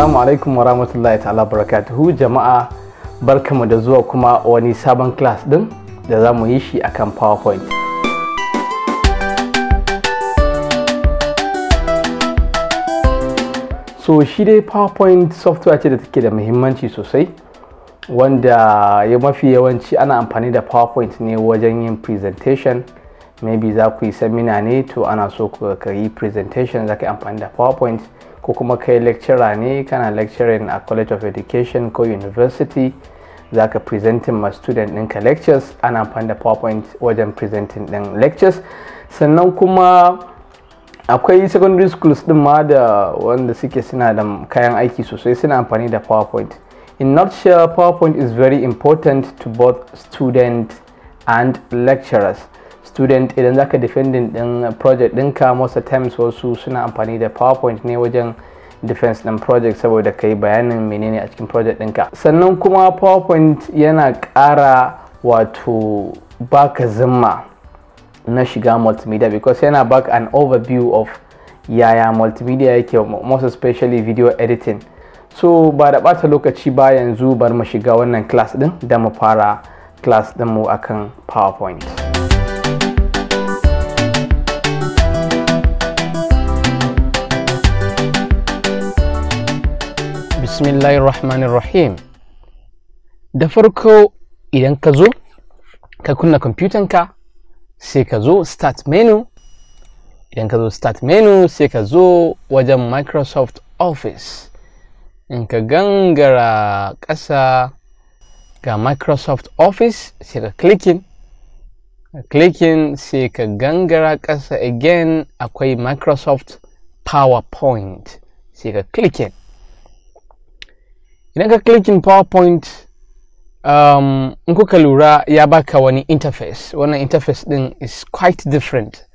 Assalamu alaikum wa rahmatullahi ta'ala barakatuhu jama'a barkamu da zuwa kuma wani sabon class din da za mu yi shi akan PowerPoint. So shi dai PowerPoint software ce da take da muhimmanci sosai wanda ya mafi yawanci ana amfani da PowerPoint ne wajen yin presentation maybe za ku yi seminar ne to ana so ka yi presentation za ka yi amfani da PowerPoint. ko kuma kai lecturer ne kana lecturing a college of education ko university za ka presenting ma student ɗinka lectures ana amfani da powerpoint wajen presenting ɗin lectures sannan kuma akwai secondary schools ɗin ma da wanda suke suna da kayan aiki sosai suna amfani da powerpoint in nutshell powerpoint is very important to both student and lecturers student idan zaka defending din project ɗinka most times wasu suna amfani da powerpoint ne wajen defense din project saboda kai bayanin menene a cikin project ɗinka sannan kuma powerpoint yana ƙara wato baka zimma na shiga multimedia because yana back an overview of yaya multimedia yake most especially video editing so ba da bata lokaci ba yanzu bar mu shiga wannan class din da mu fara class din mu akan powerpoint bismillahirrahmanirrahim da farko idan ka zo ka kunna kwamfutanka sai ka zo start menu idan ka zo start menu sai ka zo wajen microsoft office in ka gangara ƙasa ga microsoft office sai ka clicking clicking sai ka gangara ƙasa again akwai microsoft powerpoint sai ka clicking idan ka in powerpoint um, in kuka lura ya baka wani interface wannan interface din is quite different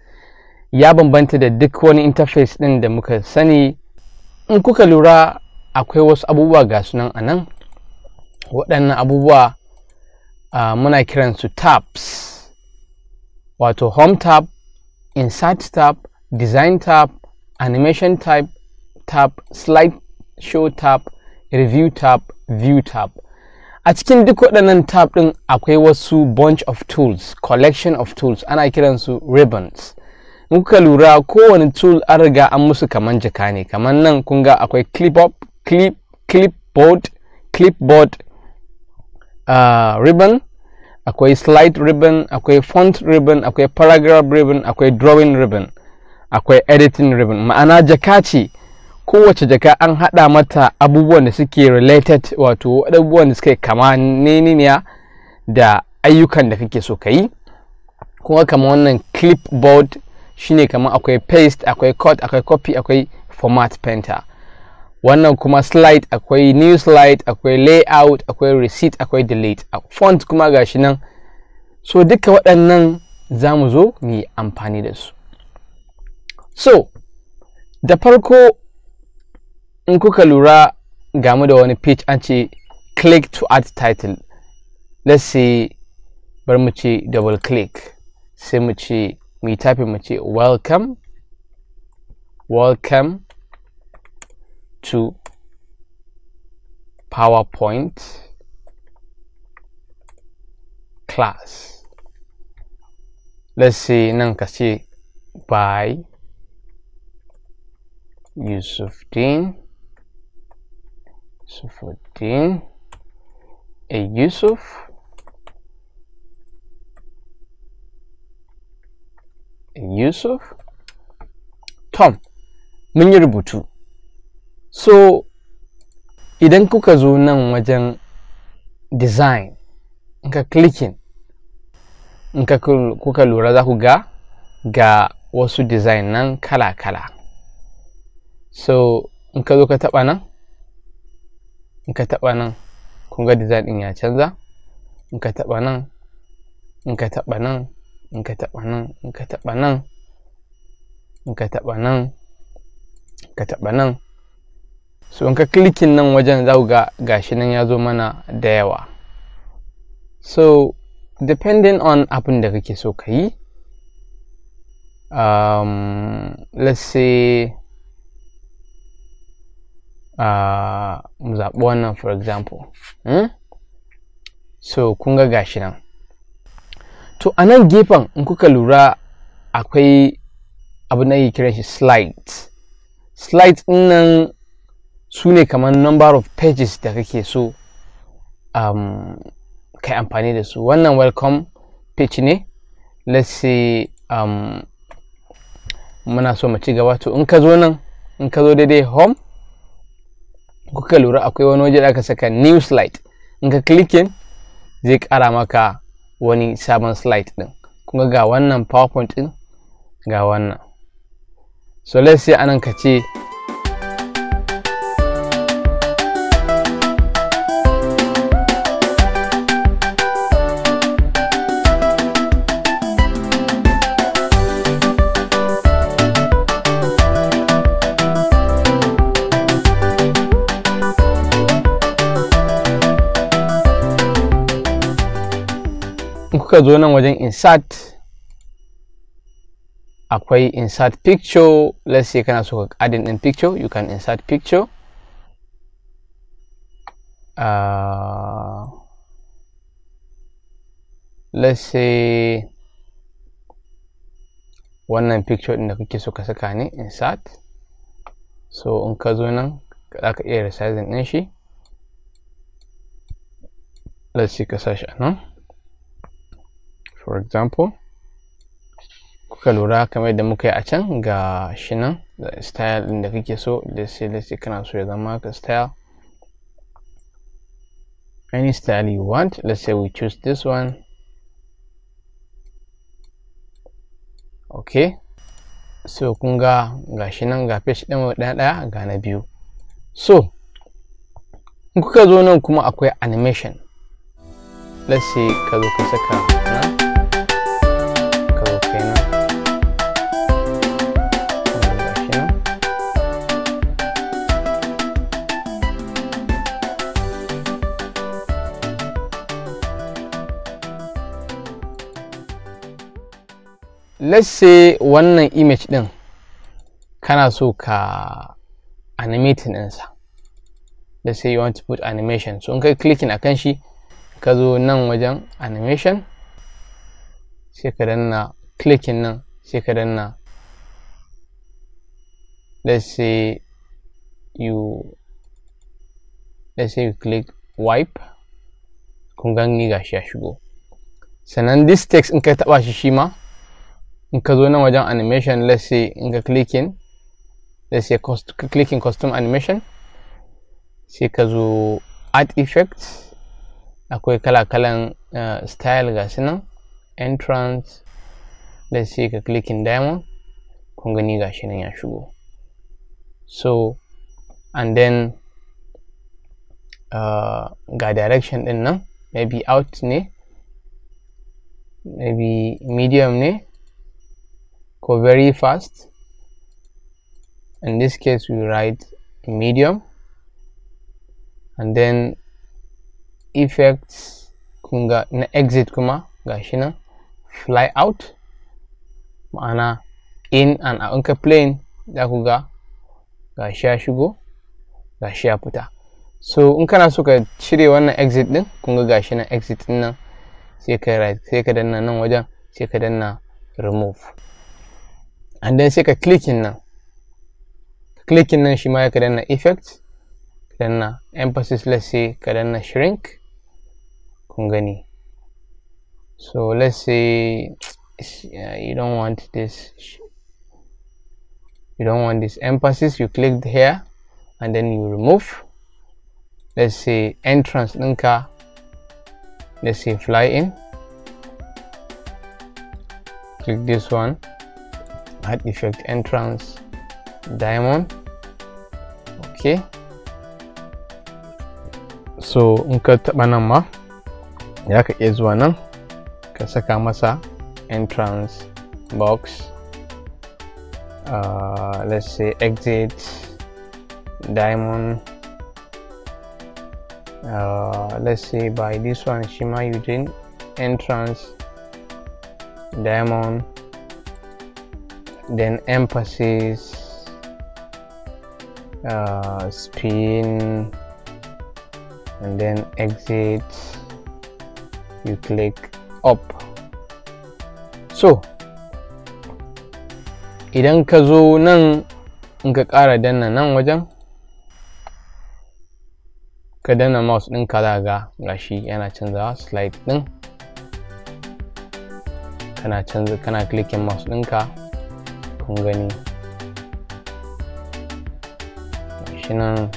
ya bambanta da duk wani interface din da muka sani in kuka lura akwai wasu abubuwa ga sunan a nan waɗannan abubuwa uh, muna su tabs wato home tab insert tab design tab animation type tab slide show tab review tab view tab a cikin duk waɗannan tab ɗin akwai wasu bunch of tools collection of tools ana kiransu ribbons in kuka lura kowane tool an riga an musu kaman jaka ne kaman nan kun ga akwai clip up clip clipboard uh, ribbon akwai slide ribbon akwai font ribbon akwai paragraph ribbon akwai drawing ribbon akwai editing ribbon ma'ana jaka ce kowace jaka an haɗa mata abubuwan da suke related wato abubuwan da suke kama neniya da ayyukan da kake so ka yi kuma kama wannan clipboard shine kama akwai paste akwai cut akwai copy akwai format painter wannan kuma slide akwai new slide akwai layout akwai receipt akwai delete font kuma gashi nan so duka waɗannan za mu zo mu yi amfani da su so da farko in kuka lura game da wani page an ce click to add title let's say bar mu ce double click sai mu ce mu yi mu ce welcome welcome to powerpoint class let's say nan ka ce by din Sufodin a Yusuf a Yusuf Tom mun yi rubutu so idan kuka zo nan wajen design nka clicking nka kuka lura za ku ga ga wasu design nan kala-kala so nka zo ka taɓa nan in ka taɓa nan kun ga design ɗin ya canza in ka taɓa nan in ka taɓa nan in ka taɓa nan in ka taɓa nan in ka taɓa nan ka taɓa nan so in ka klikin nan wajen za ku ga gashi nan ya zo mana da yawa so depending on abin da kake so ka yi um, let's say Ah, mu zaɓi wannan for example hmm? so kun ga gashi nan to a nan gefen in kuka lura akwai abu na yi kiran shi slide slide in nan su ne kamar number of pages da kake so um, kai amfani da su wannan welcome page ne let's say um, muna so mu ci gaba to in ka zo nan in ka zo daidai home kuka lura akwai wani waje da aka saka new slide in ka zai kara maka wani sabon slide din kuma ga wannan powerpoint din ga wannan so let's say anan ka ce kuka zo nan wajen insert akwai insert picture let's say kana so ka adding din picture you can insert picture uh, let's say wannan picture din da kake so ka saka ne insert so in ka zo nan za ka iya resizing din shi let's see ka sashi a nan for example kuka lura kamar yadda muka yi a can ga shi nan style ɗin da kake so let's say let's say kana so ya zama ka style any style you want let's say we choose this one okay so kun ga shi nan ga page ɗin ɗaya ɗaya ga na biyu so kuka zo nan kuma akwai animation let's say ka zo ka saka let's say wannan image din kana so ka animating ɗinsa let's say you want to put animation so in kai clicking akan shi ka zo nan wajen animation sai ka danna clicking nan sai ka danna let's say you let's say you click wipe kun gani gashi ya shigo sannan this text in kai taba shi shi ma in ka zo nan wajen animation let's say in ka clicking let's say cost, clicking custom animation sai ka zo art effects akwai kala-kalan uh, eh, style ga su nan entrance let's say ka clicking diamond kun gani ga shi nan ya shigo so and then uh, ga direction din nan maybe out ne maybe medium ne go very fast in this case we write medium and then effects kunga na exit kuma gashi fly out ma'ana in and out in ka plane da kuga gashi ya shigo gashi ya fita so in kana so ka cire wannan exit din kunga gashina gashi exit din nan sai ka right sai ka danna nan wajen sai ka danna remove and then sai ka clicking nan clicking nan shima ma ka effect ka danna emphasis let's say ka shrink kun so let's say you don't want this you don't want this emphasis you click here and then you remove let's say entrance ɗinka let's say fly in click this one add effect entrance diamond okay so in ka taba nan ma ya ka iya zuwa nan ka saka masa entrance box uh, let's say exit diamond uh, let's say by this one shima using entrance diamond then emphasis uh, spin and then exit you click up so idan ka zo nan in ka ƙara danna nan wajen ka danna mouse ɗin ka ga gashi yana canzawa slide ɗin kana canza kana clicking mouse ɗinka kun gani shi nan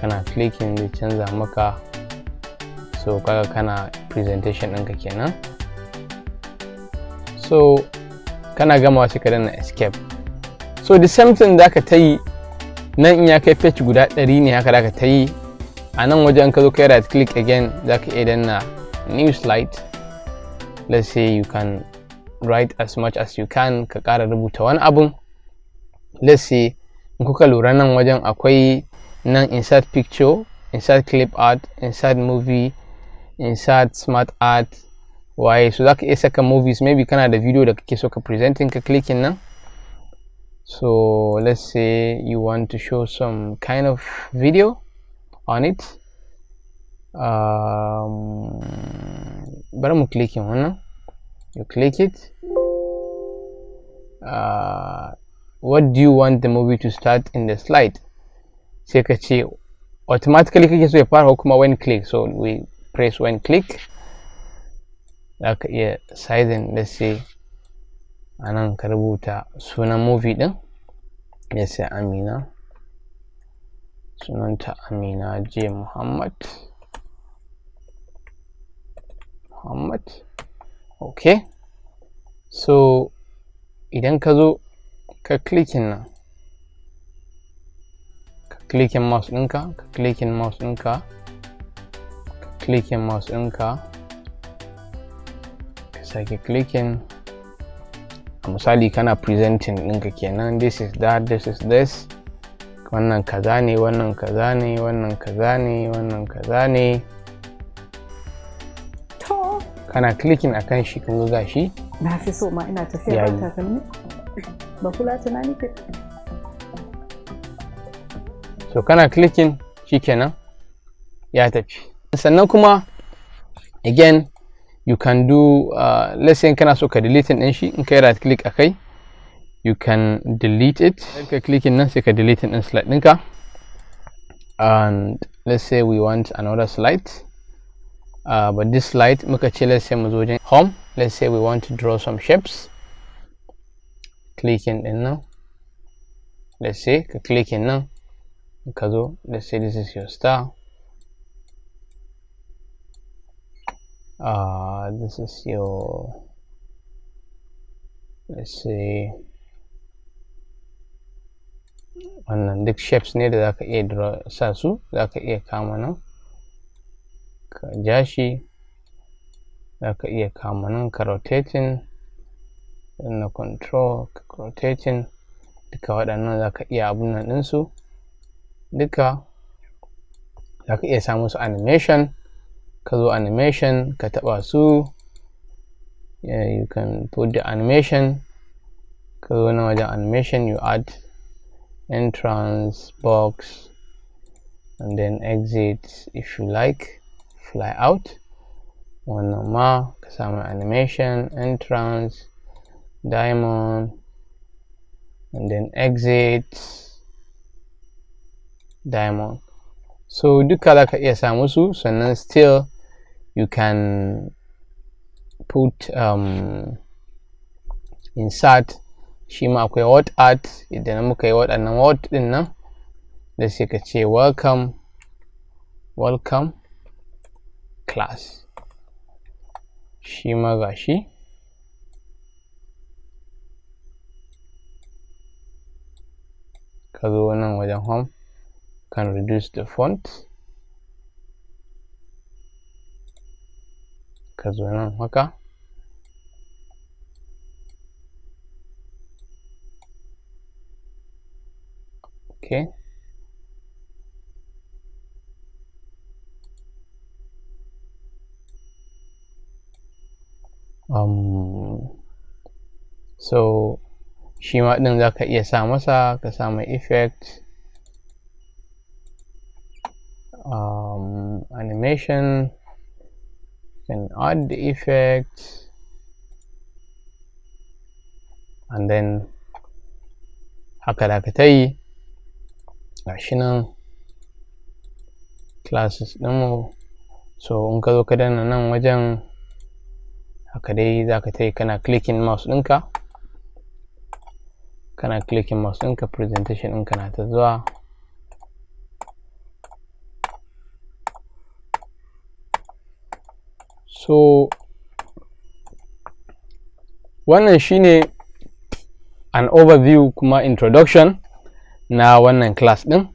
kana clicking zai canza maka so kaga kana presentation ɗinka kenan so kana gama sai ka danna escape so the same thing da ka ta yi nan in ya kai page guda ɗari ne haka da ka ta yi a nan wajen ka zo kai right click again za ka iya danna new slide let's say you can write as much as you can ka ƙara rubuta wani abun let's say in kuka lura nan wajen akwai nan insert picture insert clip art insert movie insert smart art Why? so zaka iya saka movies maybe kana da video da kake so ka presenting ka clicking nan so let's say you want to show some kind of video on it um, bari mu clicking wannan you click it uh, what do you want the movie to start in the slide sai ka ce automatically kake so ya fara ko kuma when click so we press when click za ka iya sizing let's say anan nan ka rubuta sunan movie din ya sai amina sunanta amina j muhammad muhammad okay so idan ka zo ka klikin nan ka klikin mouse ɗinka ka klikin mouse ɗinka ka klikin mouse ɗinka ka sake klikin a misali kana presenting ɗinka kenan this is that this is this wannan kaza ne wannan kaza ne wannan kaza ne wannan kaza ne kana clicking akan shi kun ga shi na fi so ma ina tafiya ba takalmi ba kula tana ke so kana clicking kenan ya tafi sannan kuma again you can do uh, let's say kana so ka delete din shi in kai right click akai you can delete it ka clicking nan sai ka delete din slide ɗinka and let's say we want another slide uh, but this light muka let's say home let's say we want to draw some shapes clicking in now. let's say clicking now Because let's say this is your star uh, this is your let's say wannan the shapes need da a draw sasu su a iya kama ka ja shi za ka iya kama nan ka rotating na control ka rotating duka waɗannan za ka iya abun nan ɗinsu duka za ka iya samu su animation ka zo animation ka taɓa su yeah, you can put the animation ka zo na wajen animation you add entrance box and then exit if you like fly out one normal ka animation entrance diamond and then exit diamond so duka za ka iya samu su sannan still you can put um, insert shi ma akwai what art idan muka yi waɗannan what ɗin nan da sai ka ce welcome welcome class shi ma ka zo nan wajen home can reduce the font ka zo nan haka okay um, so shi ma ɗin za ka iya sa masa ka sa mai effect um, animation can add the effect and then haka da ka ta yi gashi nan classes ɗinmu so in ka zo ka danna nan wajen haka dai za ka ta yi kana clicking mouse ɗinka kana clicking mouse ɗinka presentation ɗinka na ta zuwa so wannan shine an overview kuma introduction na wannan class ɗin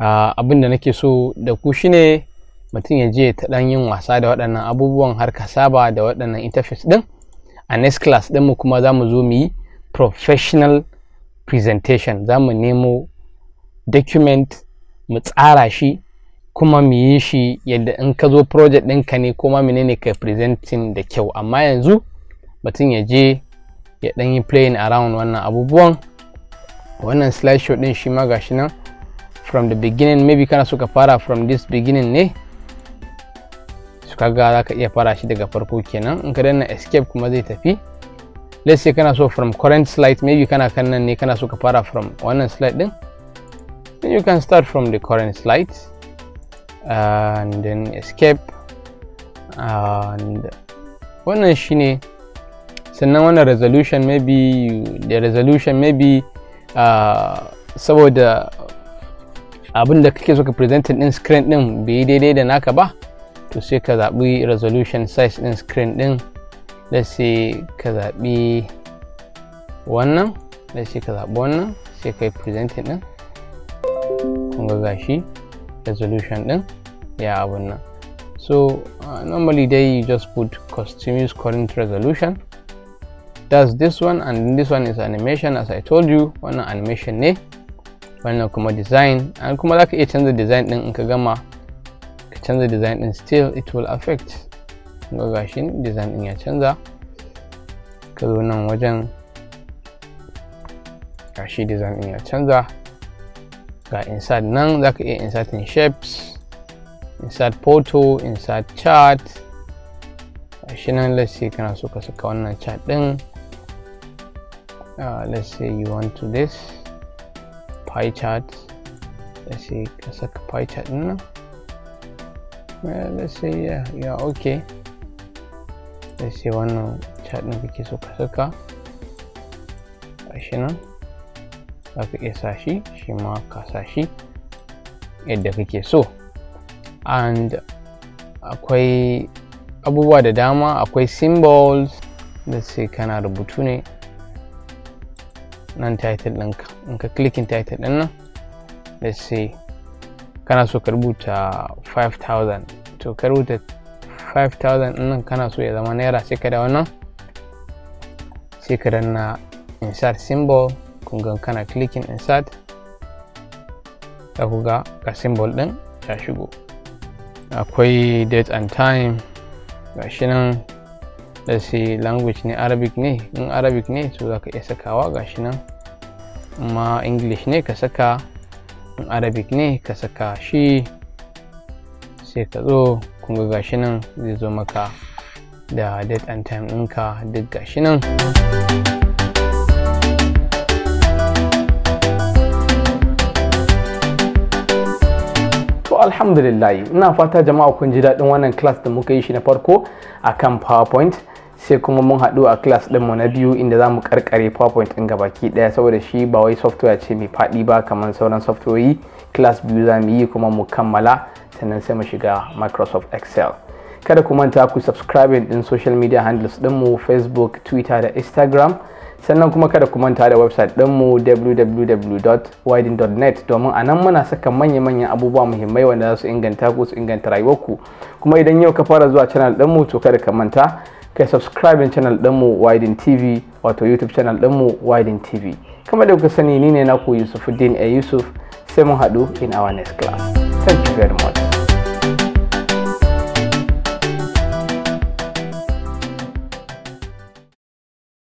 uh, abin nake so da ku shine mutum ya je ta dan yin wasa da waɗannan abubuwan har ka saba da waɗannan interface din a next class ɗin mu kuma za mu zo mu yi professional presentation za mu nemo document mu tsara shi kuma mu yi shi yadda in ka zo project ɗinka ne kuma ne ka presenting da kyau amma yanzu mutum ya je ya ɗan yi playing around wannan abubuwan wannan slideshow ɗin shi ma gashi nan from the beginning maybe kana so ka fara from this beginning ne kaga za ka iya fara shi daga farko kenan in ka danna escape kuma zai tafi let's say kana so from current slide maybe kana kan nan ne kana so ka fara from wannan slide din then you can start from the current slide uh, and then escape and wannan shine sannan wannan resolution maybe the resolution maybe uh, saboda abin da kake so ka presenting din screen din bai daidai da naka ba to sai ka zaɓi resolution size ɗin screen ɗin da sai ka zaɓi wannan da sai ka zaɓi wannan sai ka yi presenting ɗin kun ga gashi resolution ɗin ya abun nan so uh, normally you just put continuous current resolution that's this one and this one is animation as i told you wannan animation ne wannan kuma design an kuma za ka iya canza design ɗin in ka gama canza design din still it will affect ga gashi design din ya canza ka zo nan wajen gashi design din ya canza ga insert nan za ka iya inserting shapes insert photo insert chart gashi nan let's say kana so ka saka wannan chart din uh, let's say you want to this pie chart let's say ka saka pie chart din nan well let's say yeah you are okay let's say wannan chat no kake so ka saka gashi nan za ka iya sa shi shi ma ka sa shi yadda kake so and akwai abubuwa da dama akwai symbols da sai kana rubutu ne nan title ɗinka in ka clicking title ɗin nan let's say kana so ka rubuta 5000 to ka rubuta 5000 nan kana so ya zama naira sai ka da wannan sai ka danna insert symbol kun ga kana clicking insert ku ga ga symbol din ya shigo akwai date and time ga shi nan da sai language ne arabic ne in arabic ne so za ka iya sakawa ga shi nan amma english ne ka saka in arabic ne ka saka shi sai ka zo kuma gashi nan zai zo maka da date and time ɗinka duk gashi nan alhamdulillah ina fata jama'a kun ji daɗin wannan class da muka yi shi na farko akan powerpoint sai kuma mun haɗu a class mu na biyu inda za mu karkare powerpoint ɗin gabaki ɗaya saboda shi ba wai software ce mai faɗi ba kamar sauran software class biyu za mu yi kuma mu kammala sannan sai mu shiga microsoft excel kada ku manta ku subscribing ɗin social media handles ɗinmu facebook twitter da instagram sannan kuma kada ku manta da website ɗinmu www.widen.net domin a nan muna saka manya-manyan abubuwa muhimmai wanda za su inganta ku su inganta rayuwarku kuma idan yau ka fara zuwa channel ɗinmu to kada ka manta kai subscribing channel ɗinmu widen tv wato youtube channel ɗinmu widen tv kama da kuka sani ni ne naku yusufuddin a yusuf sai mun haɗu in our next class thank you very much